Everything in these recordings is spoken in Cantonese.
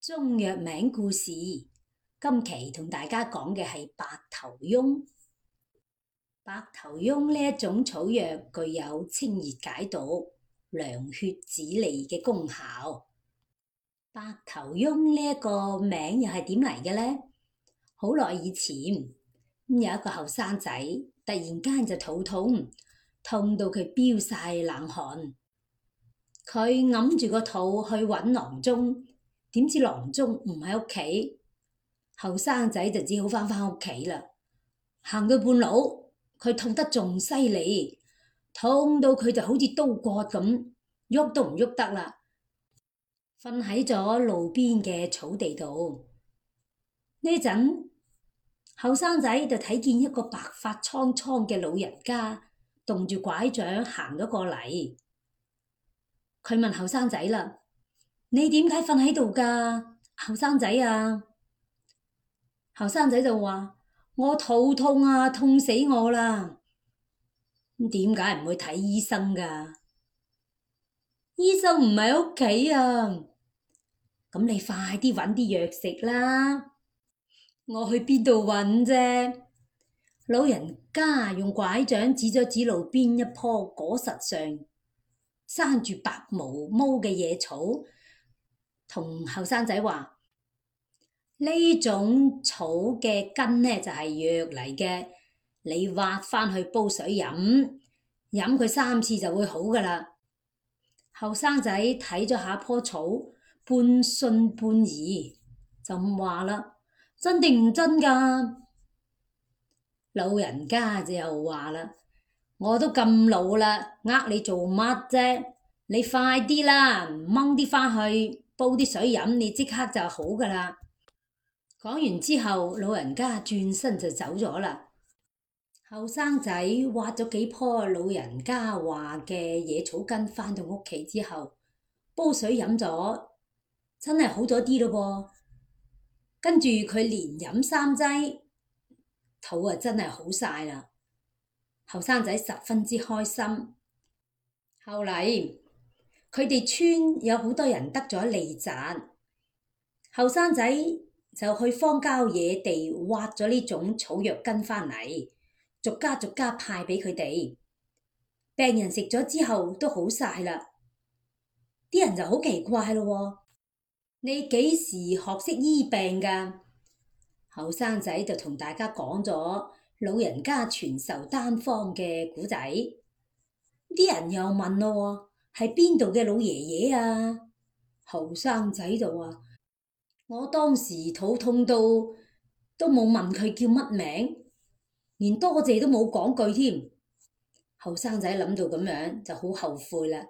中藥名故事，今期同大家講嘅係白頭翁。白頭翁呢一種草藥具有清熱解毒、涼血止痢嘅功效。白頭翁呢一個名又係點嚟嘅呢？好耐以前有一個後生仔突然間就肚痛，痛到佢飆晒冷汗，佢揞住個肚去揾郎中。點知郎中唔喺屋企，後生仔就只好翻返屋企啦。行到半路，佢痛得仲犀利，痛到佢就好似刀割咁，喐都唔喐得啦。瞓喺咗路邊嘅草地度，呢陣後生仔就睇見一個白髮蒼蒼嘅老人家動，棟住拐杖行咗過嚟。佢問後生仔啦。你點解瞓喺度噶？後生仔啊，後生仔就話，我肚痛啊，痛死我啦！咁點解唔去睇醫生噶？醫生唔喺屋企啊！咁你快啲揾啲藥食啦！我去邊度揾啫？老人家用拐杖指咗指路邊一棵果實上，生住白毛毛嘅野草。同後生仔話：呢種草嘅根呢就係藥嚟嘅，你挖返去煲水飲，飲佢三次就會好㗎喇。後生仔睇咗下棵草，半信半疑，就唔話啦，真定唔真㗎？老人家就又話啦：我都咁老啦，呃你做乜啫？你快啲啦，掹啲返去。煲啲水飲，你即刻就好噶啦。講完之後，老人家轉身就走咗啦。後生仔挖咗幾棵老人家話嘅野草根，翻到屋企之後，煲水飲咗，真係好咗啲咯噃。跟住佢連飲三劑，肚啊真係好晒啦。後生仔十分之開心。後嚟。佢哋村有好多人得咗痢疾，後生仔就去荒郊野地挖咗呢種草藥根返嚟，逐家逐家派俾佢哋，病人食咗之後都好晒啦，啲人就好奇怪咯，你幾時學識醫病噶？後生仔就同大家講咗老人家傳授單方嘅古仔，啲人又問咯。係邊度嘅老爺爺啊？後生仔度啊！我當時肚痛到都冇問佢叫乜名，連多謝都冇講句添。後生仔諗到咁樣就好後悔啦。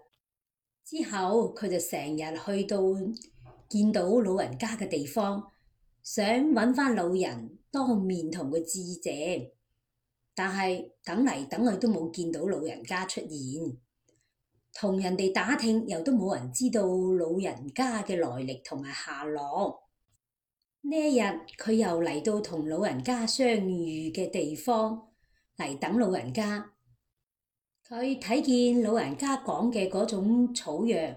之後佢就成日去到見到老人家嘅地方，想搵翻老人當面同佢致謝，但係等嚟等去都冇見到老人家出現。同人哋打聽，又都冇人知道老人家嘅來歷同埋下落。呢一日佢又嚟到同老人家相遇嘅地方嚟等老人家。佢睇見老人家講嘅嗰種草藥，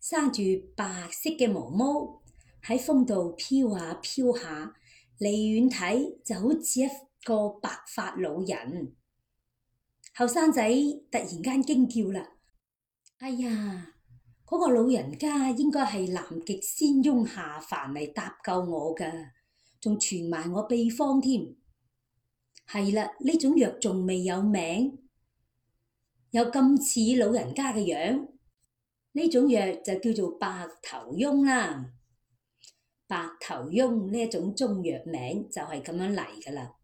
生住白色嘅毛毛，喺風度飄下飄下，離遠睇就好似一個白髮老人。後生仔突然間驚叫啦！哎呀，嗰個老人家應該係南極仙翁下凡嚟搭救我噶，仲傳埋我秘方添。係啦，呢種藥仲未有名，有咁似老人家嘅樣，呢種藥就叫做白頭翁啦。白頭翁呢一種中藥名就係咁樣嚟噶啦。